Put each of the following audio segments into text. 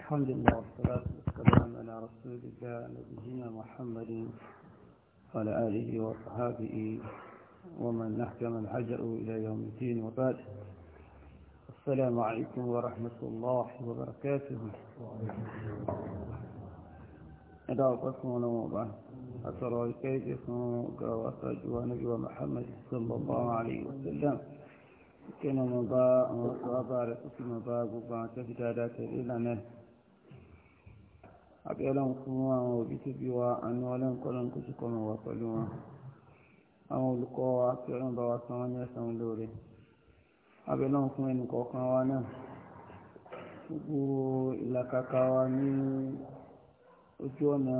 الحمد لله والصلاة والسلام على رسول الله نبينا محمد وعلى آله وصحابه ومن أحكم الحجر إلى يوم الدين وبعد السلام عليكم ورحمة الله وبركاته أدعوكم ونوضع أترى الكيد اسمه وأسعد ونبي محمد صلى الله عليه وسلم kí ni mo bá àwọn sọ́ọ́bà rẹ̀ kó sì mo bá gbogbo àwọn tó fi dáadáa tẹ̀lé ìlànà ẹ̀ àbí ọlọ́run fún àwọn òbí tó bí wa àánú ọlọ́run kọ́lọ́n kó sì kọ́mọ wà pẹ̀lú wọn àwọn olùkọ́ wa kí ọlọ́run bá wa san wọ́n ní ẹ̀san lóore àbí ọlọ́run fún ẹnì kọ̀ọ̀kan wa náà gbogbo ìlàkàkà wa ní ojú ọ̀nà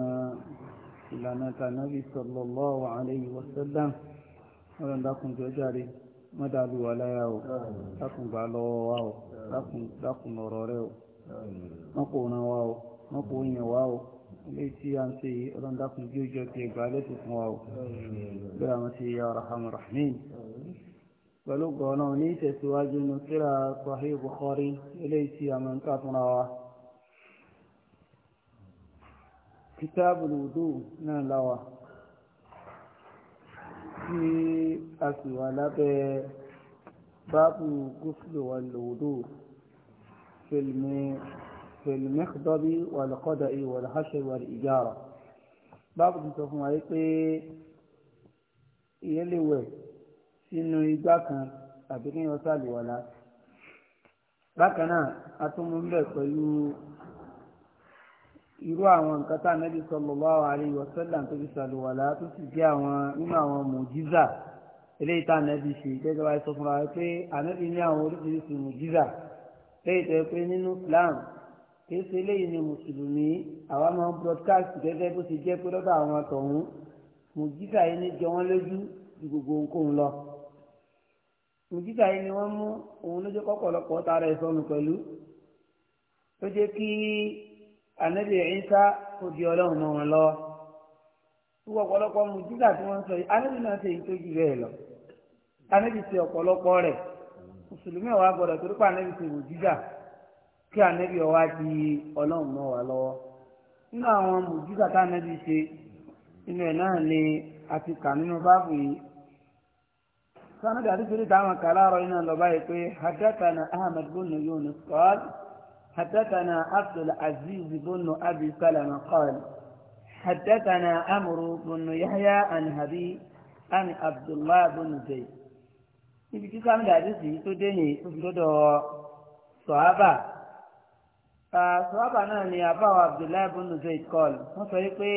ìlànà tànàbí sallallahu alayhi wa sallam ọlọ́run dákun jọjá rèé mọ́dàlú wa láyà o dákun gbà lọ́wọ́ wa o dákun ọ̀rọ̀ rẹ o mọ́kò ran wa o mọ́kò yẹn wa o ilé tí a ń ṣe yìí ọlọ́run dákun bí ojú ọtí ẹgbàá lẹ́sìn fún wa o bẹ́ẹ̀ àwọn ti yà rahman rahman pẹ̀lú gọ̀ọ́nà ní ìtẹ̀síwájú ní síra Sahih Bukhari ilé tí a mọ̀ ń kà fúnra wa kitabul wudu náà láwàá tí a sì wà lábẹ́ báàbù gúúsùlù wà lòdò fèlìmẹ́kìdọ́bí wà lọ́kọ́dà ìwà lọ́háṣẹ́ wà ìjára báàbù ti sọ fún wa pé ìyẹn sínú igbá kan àbí kí a tún mú bẹ́ẹ̀ pẹ̀lú irú àwọn nǹkan tá ànábì sallallahu alaihi wasallam tó fi ṣàlùwàlá tó sì jẹ́ àwọn nínú àwọn mùjíza eléyìí tá ànábì ṣe gẹ́gẹ́ bá sọ fúnra pé ànábì ní àwọn oríṣiríṣi mùjíza léyìí tó yẹ pé nínú Islam kìí ṣe eléyìí ni mùsùlùmí àwa máa ń broadcast gẹ́gẹ́ bó ṣe jẹ́ pé lọ́dọ̀ àwọn àtọ̀hún mùjíza yìí ní jẹ wọ́n lójú ju gbogbo nǹkan lọ mùjíza yìí ni wọ́n mú òun lójú kọ́kọ́lọ́pọ̀ tara ẹ̀ sọnù pẹ̀lú tó jẹ́ kí ànábì Ìsá kò di ọlọ́run mọ́ wọn lọ́wọ́ gbogbo ọ̀pọ̀lọpọ̀ ọmọ tí wọ́n sọ náà ṣe èyí tó jù lọ ànábì ṣe ọ̀pọ̀lọpọ̀ rẹ̀ mùsùlùmí ọ̀wá gbọ́dọ̀ torí pé ànábì ṣe wò kí ànábì ọ̀wá di ọlọ́run wa lọ́wọ́ nínú àwọn mùjíjà tá ànábì ṣe inú ẹ̀ náà ni àti kà nínú báàbù yìí sanadi àti sori lọ báyìí pé حدثنا عبد العزيز بن أبي سلمة قال حدثنا أمر بن يحيى عن هبي عن عبد الله بن زيد níbi tí sáà ń dàdí sí tó déyìn òfìdọ́dọ̀ sọ̀hábà sọ̀hábà náà ni àbáwọ̀ abdullahi bin zayd kọ́l wọ́n sọ pé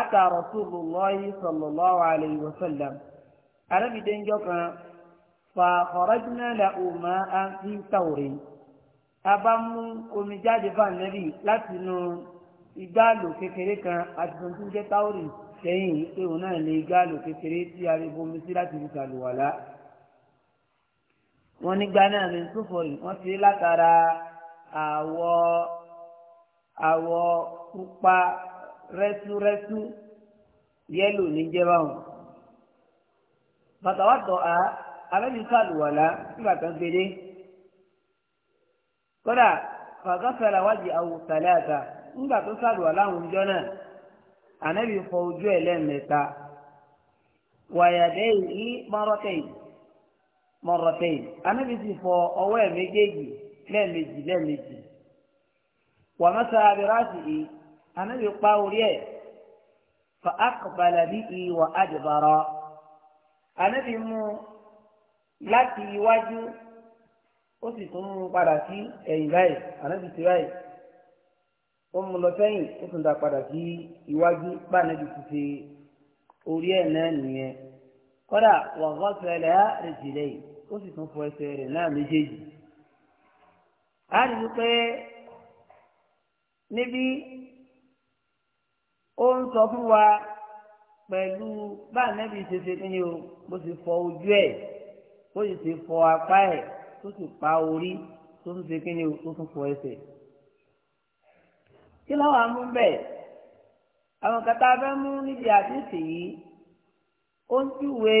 ata rasulullahi sallallahu alayhi wa sallam arábìdẹ́njọ́ kan fa kharajna lahu ma'an fi tawrin a bá mú omi jáde fún ànẹ́bì láti inú igbáàlò kékeré kan àti tuntun jẹ́ táwọ̀rì sẹ́yìn ewu náà ní igbáàlò kékeré tí a lè bomi sí láti fi ṣàlùwàlá. wọ́n ní gbaná mi túfọ̀ yìí wọ́n ti látara àwọ̀ àwọ̀ pupa rẹ́súrẹ́sú yẹ́lò ní wọn. bàtà wà tọ̀ á abẹ́bí ṣàlùwàlá nígbà kan gbélé. kódà fàgọ́sàlà wájú àwùsàlẹ̀ àtà ńgbà tó sàlùwà láwọn ọjọ́ náà ànábì fọ ojú ẹ̀ lẹ́ẹ̀mẹ́ta wàyàdé yìí mọ́rọ́tẹ́yì mọ́rọ́tẹ́yì ànábì sì fọ ọwọ́ ẹ̀ méjèèjì lẹ́ẹ̀mejì lẹ́ẹ̀mejì wàmásà abirasi yìí ànábì pa orí ẹ̀ fa akpala bi i wa ànábì mú láti iwájú. ó sì tún mú padà sí ẹ̀yìn báyìí ànábì ti báyìí ó mú lọ sẹ́yìn ó tún dá padà sí iwájú bá ànábì ti ṣe orí ẹ̀ náà nìyẹn kódà wàhálà ṣẹlẹ̀ á rè jìlẹ̀ yìí ó sì tún fọ ẹsẹ̀ rẹ̀ náà méjèèjì. a rí i pé níbi ó ń sọ fún wa pẹ̀lú bá ànábì ṣe ṣe kí ni o bó ti fọ ojú ẹ̀ bó ti fọ apá ẹ̀ tó sì pa orí tó tún ṣe kí ni tó tún fọ ẹsẹ̀. kí láwọn amú bẹ́ẹ̀ àwọn kata fẹ́ mú níbi àtúnṣe yìí ó ń júwe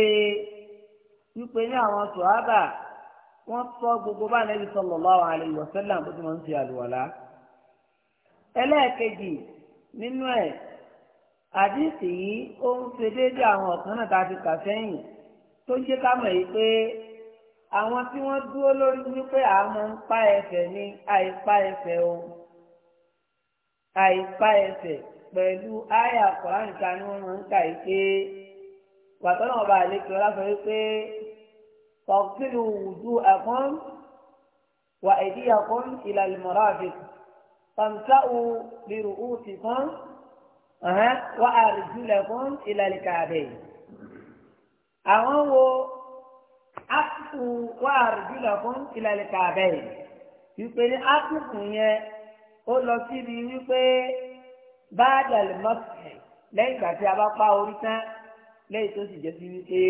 wípé ní àwọn sòhábà wọ́n sọ gbogbo bá Ànábì sallallahu alaihi wasallam bó ti máa ń ṣe àlùwàlá. ẹlẹ́ẹ̀kejì nínú ẹ̀ àdìsí yìí ó ń ṣe déédéé àwọn ọ̀kan náà tá a ti kà sẹ́yìn tó ń ṣe ká mọ̀ yìí pé àwọn tí wọ́n dúró lórí wípé àmọ́ ń pa ẹsẹ̀ ní àìpa ẹsẹ̀ o àìpa ẹsẹ̀ pẹ̀lú àyà kọ̀ọ̀ránìkà ni wọ́n máa ń kà yìí pé pàtó náà bá àlejò láti rí pé wùdú ẹ̀kọ́n wà èdè ẹ̀kọ́n ìlàlì mọ̀ráàdì tọ̀mùsáwù lérò òtì kan wà àrùjù lẹ̀kọ́n ìlàlì kàbẹ̀. àwọn wo ápù wà àrùjúlọ fún ìlàlẹ̀ kàbẹ́ yìí wípé ní ápùkù yẹn ó lọ síbi wípé báàdàlì mọ́sẹ̀ lẹ́yìn ìgbà tí a bá pa orí tán lẹ́yìn tó sì jẹ́ sí wípé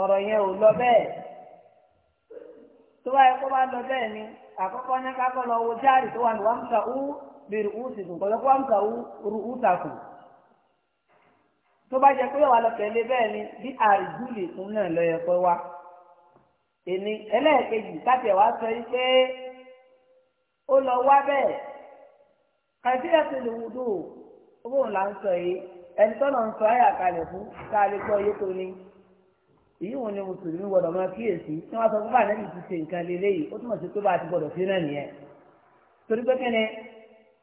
ọ̀rọ̀ yẹn ò lọ bẹ́ẹ̀ tó bá kó bá lọ bẹ́ẹ̀ ni àkọ́kọ́ ní kákọ́ lọ wo jáàrì tó wà ní wàmùsà ú bèrè ú sì tún kọ́ lọ́kọ́ wàmùsà ú rú ú tàkùn tó bá jẹ pé wà lọ tẹ̀lé bẹ́ẹ̀ ni bí àìjúlè fún náà lọ yẹ pé wá èmi ẹlẹ́ẹ̀kejì káfíà wá sọ yìí pé ó lọ wá bẹ́ẹ̀ kàìsíyà tó lè wúdò owó ńlá ń sọ yìí ẹni tó ń sọ ayà kalẹ̀ fún ká lè gbọ́ iye tó ní èyí wọn ni mùsùlùmí gbọ́dọ̀ máa kíyèsí tí wọn sọ fún bàánẹ yìí ti ṣe nǹkan lélẹ̀ yìí ó túmọ̀ sí pé bá a ti gbọ́dọ̀ fi náà nìyẹn torí pé kíni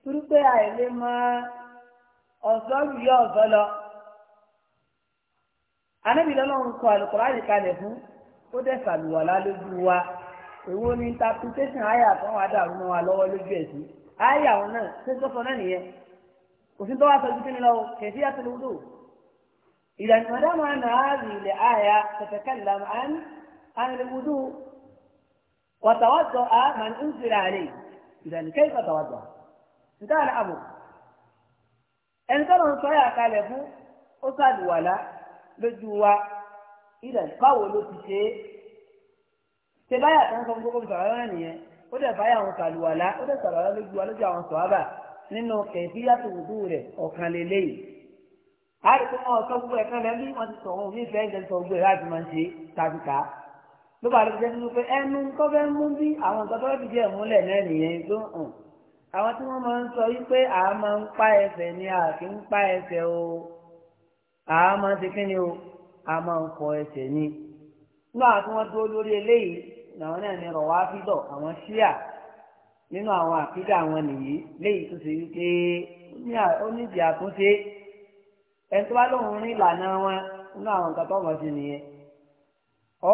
torí pé àìlè máa ọ̀sọ́ yìí ọ̀sọ́ lọ anábì lọ́lọ́run sọ àlùkùránì kalẹ̀ fún ó dẹ̀ sàlùwàlá lójú wa èwo ni interpretation àyà tó wà dàrú mọ́ wa lọ́wọ́ lójú ẹ̀ sí àyà àwọn náà ṣé tó sọ náà nìyẹn òfin tó wá sọ jùkú ni lọ kẹfí àtúndò ìdánimọ̀dámọ̀ àná ààrì ilẹ̀ àyà tẹ̀tẹ̀kẹ́lá ànilewudu wàtàwàtọ̀ àmà ń sèrè àlè ìdánimọ̀kẹ́ ìfọ̀tàwàtọ̀ nǹkan àlẹ́ àbò lójú wa ilẹ̀ báwo ló ti ṣe é ṣe báyà tó ń sọ fún kókó sọ̀rọ̀ náà nìyẹn ó dẹ̀ báyà àwọn sàlùwàlá ó dẹ̀ sàlùwàlá lójú wa lójú àwọn sọ̀hábà nínú kẹ̀fíyàtò wùdú rẹ̀ ọ̀kan lélẹ́yìí àti pé wọn sọ gbogbo ẹ̀kan lẹ́nu bí wọ́n ti sọ̀rọ̀ mí fẹ́ ìjẹ́ sọ gbogbo ẹ̀ láti máa ń ṣe tàbí ká ló bá lọ́ọ́ jẹ́ nínú pé ẹnu tó fẹ́ mú bí àwọn nǹkan tó fẹ́ fi díẹ̀ múlẹ̀ náà nìyẹn tó hàn àwọn tí wọ́n máa ń sọ wípé àá máa ń pa ẹsẹ̀ ni àá kì ń pa ẹsẹ̀ o. a máa ti kíni o a máa ń fọ ẹsẹ̀ ni nígbà tí wọ́n dúró lórí eléyìí làwọn náà ní rọ̀wá àwọn ṣíà nínú àwọn àkídà nìyí léyìí tó ṣe wípé ó àtúnṣe ẹni tó bá lóun ìlànà wọn nínú àwọn nǹkan tó wọ́n ṣe nìyẹn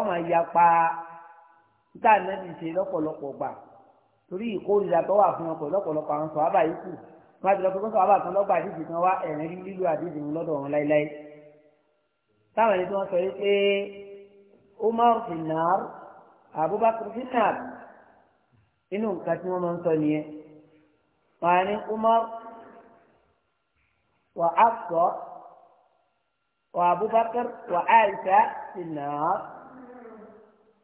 máa ya pa níta ṣe torí ìkórìíra tó wà fún ọkọ̀ lọ́pọ̀lọpọ̀ má ti lọ pé kọ́sọ̀ àbàtàn lọ́gbà àdìsí kan wá ẹ̀rín lílo àdìsí wọn lọ́dọ̀ wọn láíláí táwọn ẹni tí wọ́n sọ yìí pé Umar finnar Abubakar finnar inú nǹkan tí wọ́n máa ń sọ nìyẹn wọ́n á ní Umar wà á wà Abubakar wà Aisha finnar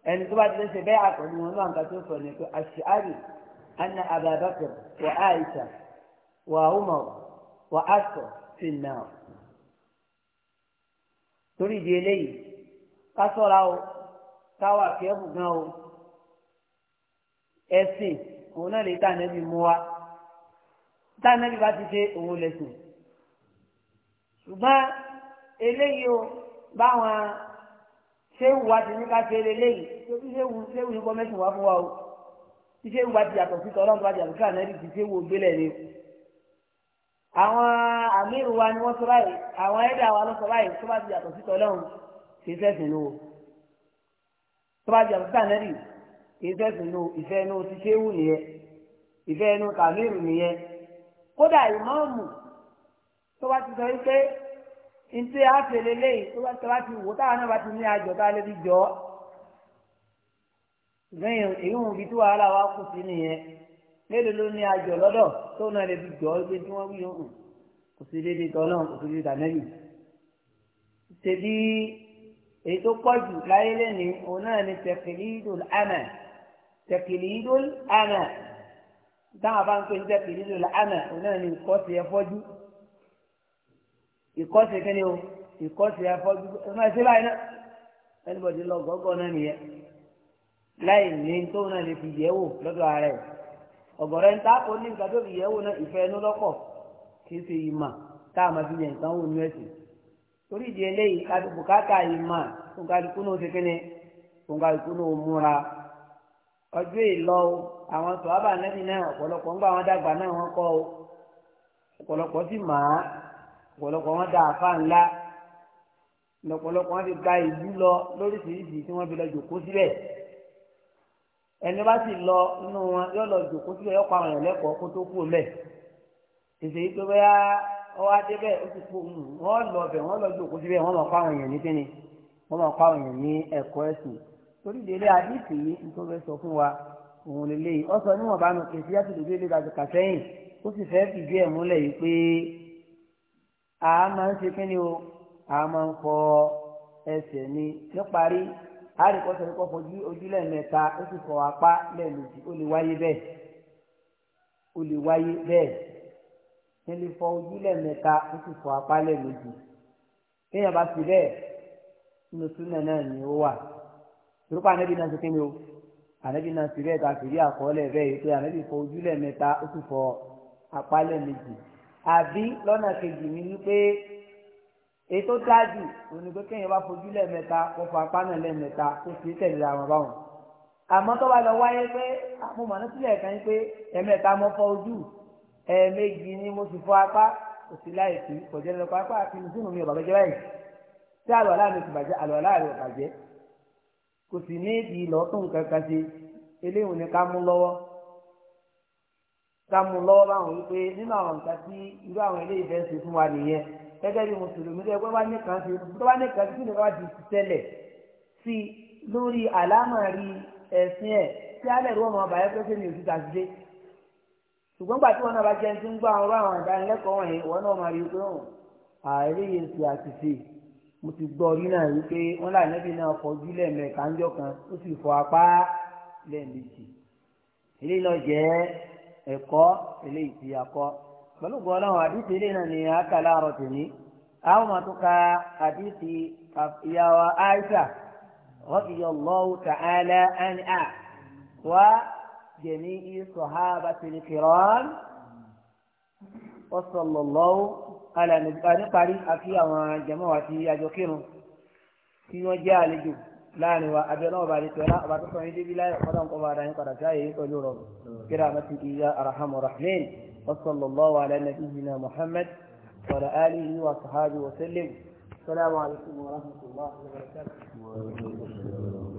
ẹni tó bá ti lè ṣe bẹ́ẹ̀ àkọ́ni wọn náà nǹkan tó sọ ni pé àṣìárì anna Abubakar wà Aisha. وعمر وعشر في النار torí di eléyìí ká ṣọ́ra o ká wà kí ẹkùn gan o ẹsìn òun náà lè tá ànábì mú wa tá ànábì bá ti ṣe òun lẹsìn ṣùgbọ́n eléyìí o báwọn ṣéwù wa ti ní ká ṣe eléyìí tóbi ṣéwù ṣéwù ní kọ́mẹ́sìn wá fún wa o ṣéwù wa ti yàtọ̀ sí tọ́lọ́mù wa ti yàtọ̀ sí ànábì ti ṣéwù ògbélẹ̀ ni o àwọn àmírù wa ni wọ́n sọ báyìí àwọn ẹ̀dá wa ló sọ báyìí tó bá ti yàtọ̀ sí tọ́lọ́run kì í sẹ́sìn ló tó bá ti yàtọ̀ sí ànẹ́rì kì í sẹ́sìn ló ìfẹ́ inú ti ṣéwù nìyẹn ìfẹ́ inú kàmírù nìyẹn kódà ìmọ̀ọ́mù tó bá ti sọ wípé ntí àfẹ́lẹ́ lẹ́yìn tó bá ti wá ti wò táwọn náà bá ti ní àjọ tá a lè fi jọ lẹ́yìn èyí òun fi tó wàhálà wa kù sí nìyẹn mélòó ló ní àjọ lọ́dọ̀ tó náà lè fi jọ ọ́ pé tí wọ́n wí ọ̀hún kò sí déédéé tọ́lọ́run kò sí déédéé tànẹ́bì. ṣe bí èyí tó pọ̀ jù láyé lẹ́ni òun náà ni tẹ̀kìlídòl àmà tẹ̀kìlídòl àmà táwọn bá ń pè ní tẹ̀kìlídòl àmà òun náà ni ìkọ́sí ẹ̀fọ́jú ìkọ́sí kẹ́ni o ìkọ́sí ẹ̀fọ́jú ọmọ ẹ̀sẹ̀ báyìí náà ẹnibọ̀dì lọ gọ́gọ́ náà nìyẹn láì ní tóun náà lè fi yẹ̀ wò lọ́dọ̀ ara ẹ̀ ọ̀gọ̀rọ̀ ẹni táàpọ̀ ní nǹkan tó fi yẹ̀ wò náà ìfẹ́ ẹnu lọ́pọ̀ kì í ṣe ìmọ̀ tá a máa fi yẹ̀ nǹkan wò nú ẹ̀sìn torí ìdí eléyìí kájú bùkátà ìmọ̀ òǹkàlùkù náà ṣe kíni òǹkàlùkù náà múra ọjọ́ ìlọ o àwọn sọ̀hábà nẹ́bí náà ọ̀pọ̀lọpọ̀ ń gbà wọn dàgbà náà wọ́n kọ́ o ọ̀pọ̀lọpọ̀ sì mà á ọ̀pọ̀lọpọ̀ wọn da àfa ńlá ọ̀pọ̀lọpọ̀ wọn ti gba ìlú lọ lóríṣiríṣi tí wọ́n fi lọ jòkó síbẹ̀ ẹni bá sì lọ inú wọn yóò lọ jòkó síbẹ̀ yóò pa àwọn èèyàn lẹ́kọ̀ọ́ kó tó kú mẹ́ tètè yìí pé bóyá ọwọ́ adébẹ̀ ó ti kú hmm, wọ́n lọ lọ jòkó àwọn èèyàn ní kíni àwọn èèyàn ní torí wa òun lè léyìí ọ̀sọ̀ níwọ̀n bá nu kèsì láti lè délé láti kà ka ó sì fẹ́ fìdí ẹ̀ múlẹ̀ yìí pé a máa ń ṣe kíni o a máa ń fọ àárí kọ́ sọ́ni kọ́ fojú ojú lẹ́ẹ̀mẹ́ta ó sì fọ apá lẹ́ẹ̀mejì ó lè wáyé bẹ́ẹ̀ ó lè wáyé bẹ́ẹ̀ nílé fọ ojú lẹ́ẹ̀mẹ́ta ó sì fọ apá lẹ́ẹ̀mejì kéèyàn bá sì bẹ́ẹ̀ nínú súnà náà ni ó wà torípa ànábì náà ti kéde o ànábì náà sì bẹ́ẹ̀ ta sì rí àkọọ́lẹ̀ bẹ́ẹ̀ yìí pé ànábì fọ ojú lẹ́ẹ̀mẹ́ta ó sì fọ apá lẹ́ẹ̀mejì àbí lọ́nà kejì ni wípé ètò dájú òní pé kéèyàn bá fojú lẹ́ẹ̀mẹ́ta kó fa apá náà lẹ́ẹ̀mẹ́ta kó sì tẹ̀lé àwọn báwọn àmọ́ tó bá lọ wáyé pé ah, mo mọ̀ ní sílẹ̀ kan pé ẹ̀mẹ́ta mo fọ ojú ẹ̀ẹ̀mejì ni mo sì fọ apá kò sí láì sí kò jẹ́ lọ́pọ̀ apá àti nìsínú mi ò bàbá jẹ́ báyìí tí àlọ́lá mi ti bàjẹ́ àlọ́lá rẹ̀ ò bàjẹ́ kò sì ní ìdí lọ́tún nǹkan kan ṣe eléyìí ni ká mú lọ́wọ́ ká mú lọ́wọ́ báwọn wípé nínú àwọn nǹkan tí irú àwọn eléyìí fẹ́ ṣe fún gẹ́gẹ́ bí mùsùlùmí tó yẹ pé wá ní kan sí tó wá ní kan sí nípa di tẹ́lẹ̀ sí lórí àlámọ̀rí ẹ̀sìn ẹ̀ tí alẹ́ ìwọ́n máa bàyẹ́ pé sẹ́ni òsì tàṣídé ṣùgbọ́n gbàtí wọn náà bá jẹ́ ti ń gbọ́ àwọn àwọn ìdánilẹ́kọ̀ọ́ wọ̀nyí wọn náà máa rí i pé wọn ààrẹ yẹn ti àṣìṣe mo ti gbọ́ rí náà wípé wọn là níbi náà fọjú lẹ́ẹ̀mẹ́ta ńjọ́ kan ó sì fọ apá lẹ́ẹ̀mejì eléyìí náà jẹ́ ẹ̀kọ́ eléyìí ti akọ́ pẹ̀lú gbọ́láwọn àdìsí ilé náà ni a kà láàárọ̀ tèmi àwọn máa tún ka àdìsí ìyàwó Aisha radiyallahu ta'ala anha wa jami'i sahabatil kiram wa sallallahu ala nípa níparí àti àwọn jẹmọ́ àti àjọkírun tí wọ́n jẹ́ àlejò láàrin wa abẹ́rẹ́ ọba àti tọ́lá ọba tó sọ yín débi láyé ọ̀pọ̀lọpọ̀ ọba àdáyín padà sáyé pẹ̀lú rọ̀ kíra àmọ́ ti ìyá arahamu وصلى الله على نبينا محمد وعلى آله وصحابه وسلم السلام عليكم ورحمة الله وبركاته